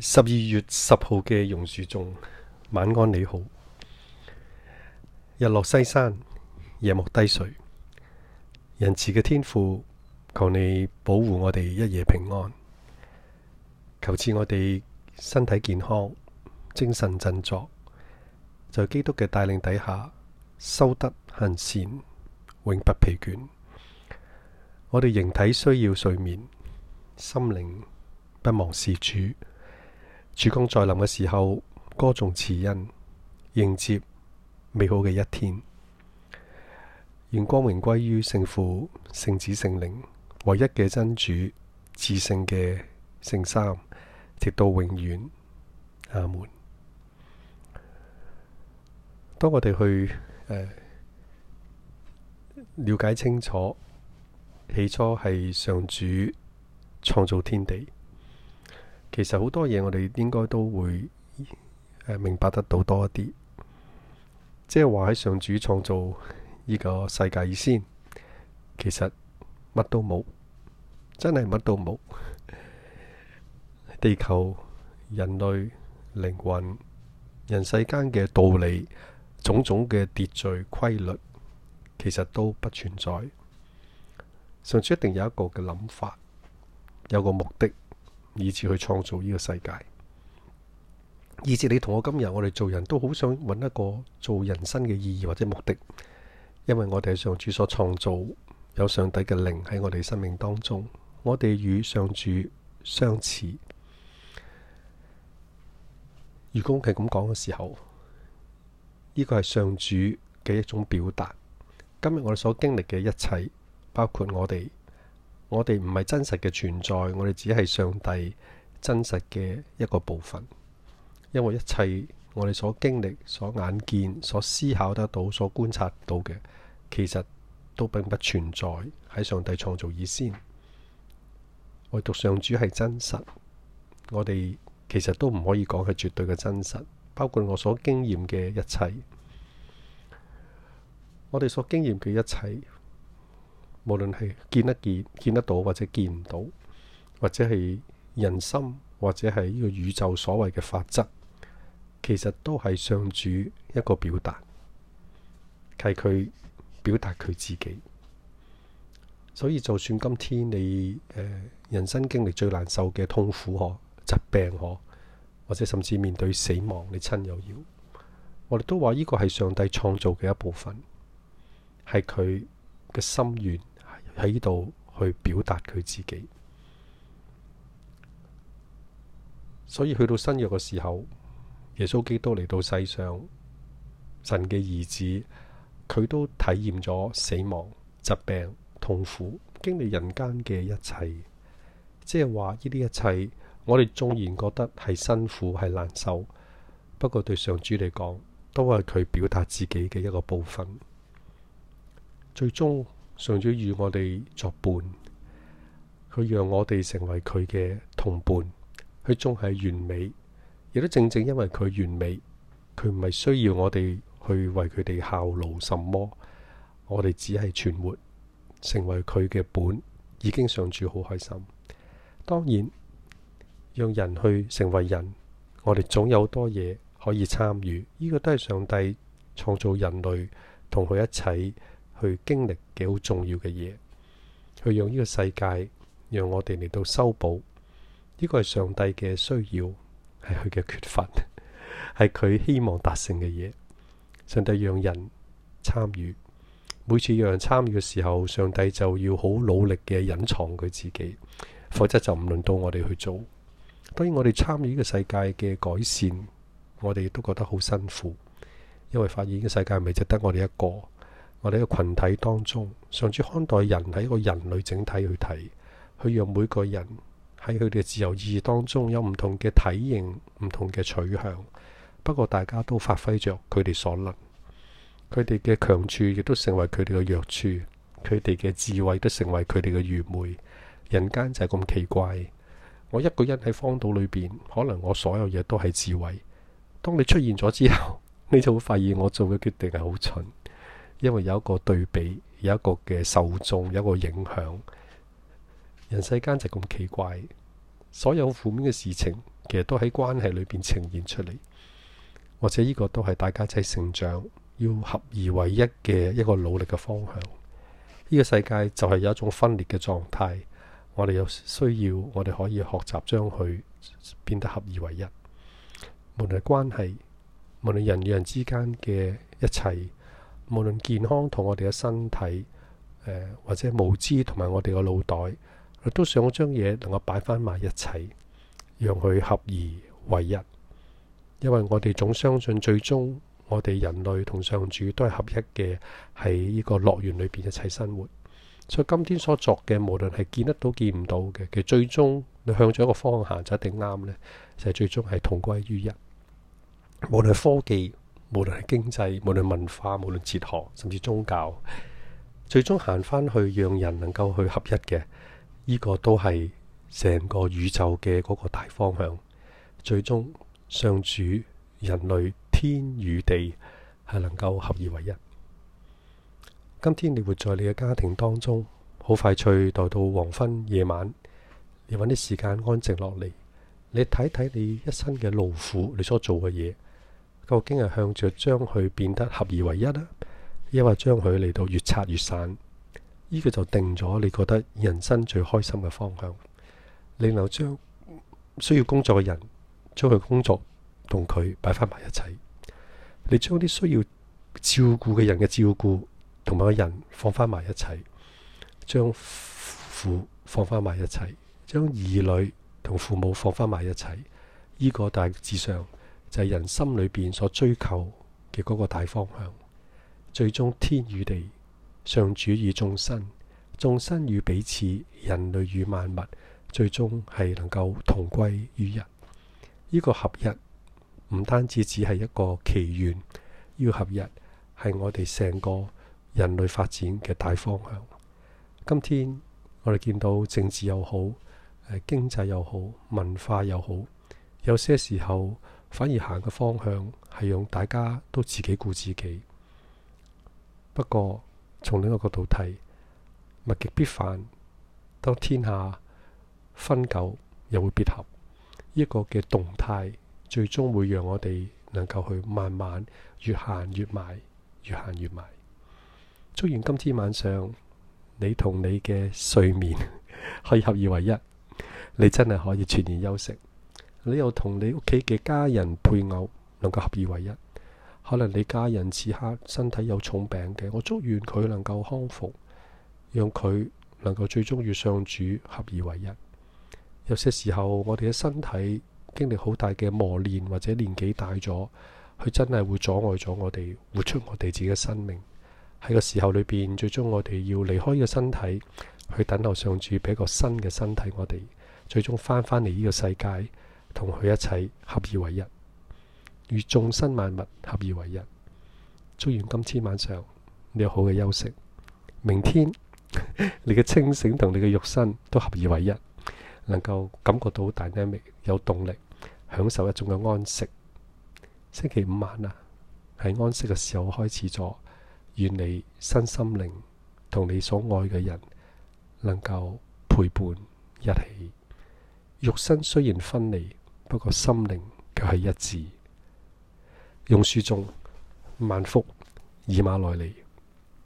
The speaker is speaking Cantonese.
十二月十號嘅榕樹中，晚安，你好。日落西山，夜幕低垂，仁慈嘅天父，求你保護我哋一夜平安。求賜我哋身體健康，精神振作，在、就是、基督嘅帶領底下，修德行善，永不疲倦。我哋形體需要睡眠，心靈不忘事主。主公在臨嘅時候，歌頌慈恩，迎接美好嘅一天，願光榮歸於聖父、聖子、聖靈，唯一嘅真主、至聖嘅聖三，直到永遠。阿門。當我哋去誒了解清楚，起初係上主創造天地。其實好多嘢，我哋應該都會明白得到多一啲，即係話，喺上主創造呢個世界以先，其實乜都冇，真係乜都冇。地球、人類、靈魂、人世間嘅道理、種種嘅秩序規律，其實都不存在。上主一定有一個嘅諗法，有個目的。以至去創造呢個世界，以至你同我今日，我哋做人都好想揾一個做人生嘅意義或者目的，因為我哋係上主所創造，有上帝嘅靈喺我哋生命當中，我哋與上主相似。如果佢咁講嘅時候，呢個係上主嘅一種表達。今日我哋所經歷嘅一切，包括我哋。我哋唔係真實嘅存在，我哋只係上帝真實嘅一個部分。因為一切我哋所經歷、所眼見、所思考得到、所觀察到嘅，其實都並不存在喺上帝創造以先。我哋讀上主係真實，我哋其實都唔可以講係絕對嘅真實。包括我所經驗嘅一切，我哋所經驗嘅一切。無論係見得見、見得到或者見唔到，或者係人心，或者係呢個宇宙所謂嘅法則，其實都係上主一個表達，係佢表達佢自己。所以，就算今天你誒、呃、人生經歷最難受嘅痛苦，嗬，疾病，嗬，或者甚至面對死亡，你親友要我哋都話呢個係上帝創造嘅一部分，係佢嘅心願。喺度去表達佢自己，所以去到新約嘅時候，耶穌基督嚟到世上，神嘅兒子，佢都體驗咗死亡、疾病、痛苦，經歷人間嘅一切。即係話呢啲一切，我哋縱然覺得係辛苦、係難受，不過對上主嚟講，都係佢表達自己嘅一個部分。最終。上主與我哋作伴，佢讓我哋成為佢嘅同伴，佢仲係完美。亦都正正因為佢完美，佢唔係需要我哋去為佢哋效勞什麼，我哋只係存活，成為佢嘅本，已經上主好開心。當然，讓人去成為人，我哋總有多嘢可以參與。呢個都係上帝創造人類同佢一齊。去經歷幾好重要嘅嘢，去讓呢個世界讓我哋嚟到修補。呢個係上帝嘅需要，係佢嘅缺乏，係佢希望達成嘅嘢。上帝讓人參與，每次讓人參與嘅時候，上帝就要好努力嘅隱藏佢自己，否則就唔輪到我哋去做。當然，我哋參與呢個世界嘅改善，我哋亦都覺得好辛苦，因為發現呢個世界唔係值得我哋一個。我哋嘅群體當中，上主看待人喺一個人類整體去睇，去讓每個人喺佢哋自由意義當中有唔同嘅體型、唔同嘅取向。不過大家都發揮着佢哋所能，佢哋嘅強處亦都成為佢哋嘅弱處，佢哋嘅智慧都成為佢哋嘅愚昧。人間就係咁奇怪。我一個人喺荒島裏邊，可能我所有嘢都係智慧。當你出現咗之後，你就會發現我做嘅決定係好蠢。因為有一個對比，有一個嘅受眾，有一個影響。人世間就咁奇怪，所有負面嘅事情其實都喺關係裏邊呈現出嚟，或者呢個都係大家即係成長要合二為一嘅一個努力嘅方向。呢個世界就係有一種分裂嘅狀態，我哋有需要，我哋可以學習將佢變得合二為一。無論係關係，無論人與人之間嘅一切。無論健康同我哋嘅身體，誒、呃、或者無知同埋我哋嘅腦袋，都想將嘢能夠擺翻埋一齊，讓佢合而為一。因為我哋總相信，最終我哋人類同上主都係合一嘅，喺呢個樂園裏邊一齊生活。所以今天所作嘅，無論係見得到見唔到嘅，其實最終你向咗一個方向行，就一定啱呢，就係、是、最終係同歸於一。無論科技，無論係經濟，無論文化，無論哲學，甚至宗教，最終行翻去讓人能夠去合一嘅，呢、這個都係成個宇宙嘅嗰個大方向。最終，上主人類天與地係能夠合二為一。今天你活在你嘅家庭當中，好快脆待到黃昏夜晚，你揾啲時間安靜落嚟，你睇睇你一生嘅勞苦，你所做嘅嘢。究竟係向著將佢變得合而為一啊，亦或將佢嚟到越拆越散？呢、這個就定咗你覺得人生最開心嘅方向。你能將需要工作嘅人將佢工作同佢擺翻埋一齊，你將啲需要照顧嘅人嘅照顧同埋個人放翻埋一齊，將父放翻埋一齊，將兒女同父母放翻埋一齊。呢、這個大致上。就係人心裏邊所追求嘅嗰個大方向，最終天與地、上主與眾生、眾生與彼此、人類與萬物，最終係能夠同歸於一。呢、這個合一唔單止只係一個祈願，要合一係我哋成個人類發展嘅大方向。今天我哋見到政治又好，誒經濟又好，文化又好，有些時候。反而行嘅方向係讓大家都自己顧自己。不過從另一個角度睇，物極必反，當天下分久又會必合，呢一個嘅動態最終會讓我哋能夠去慢慢越行越埋，越行越埋。祝願今天晚上你同你嘅睡眠可以合二為一，你真係可以全然休息。你又同你屋企嘅家人配偶能夠合二為一？可能你家人此刻身體有重病嘅，我祝願佢能夠康復，讓佢能夠最終與上主合二為一。有些時候，我哋嘅身體經歷好大嘅磨練，或者年紀大咗，佢真係會阻礙咗我哋活出我哋自己嘅生命。喺個時候裏邊，最終我哋要離開呢個身體，去等候上主俾一個新嘅身體我，我哋最終翻返嚟呢個世界。同佢一齊合而為一，與眾生萬物合而為一。祝願今次晚上，你有好嘅休息。明天 你嘅清醒同你嘅肉身都合而為一，能夠感覺到 dynamic 有動力，享受一種嘅安息。星期五晚啊，喺安息嘅時候開始咗。願你身心靈同你所愛嘅人能夠陪伴一起。肉身雖然分離，不過心靈卻係一致，用書中萬福以馬內利。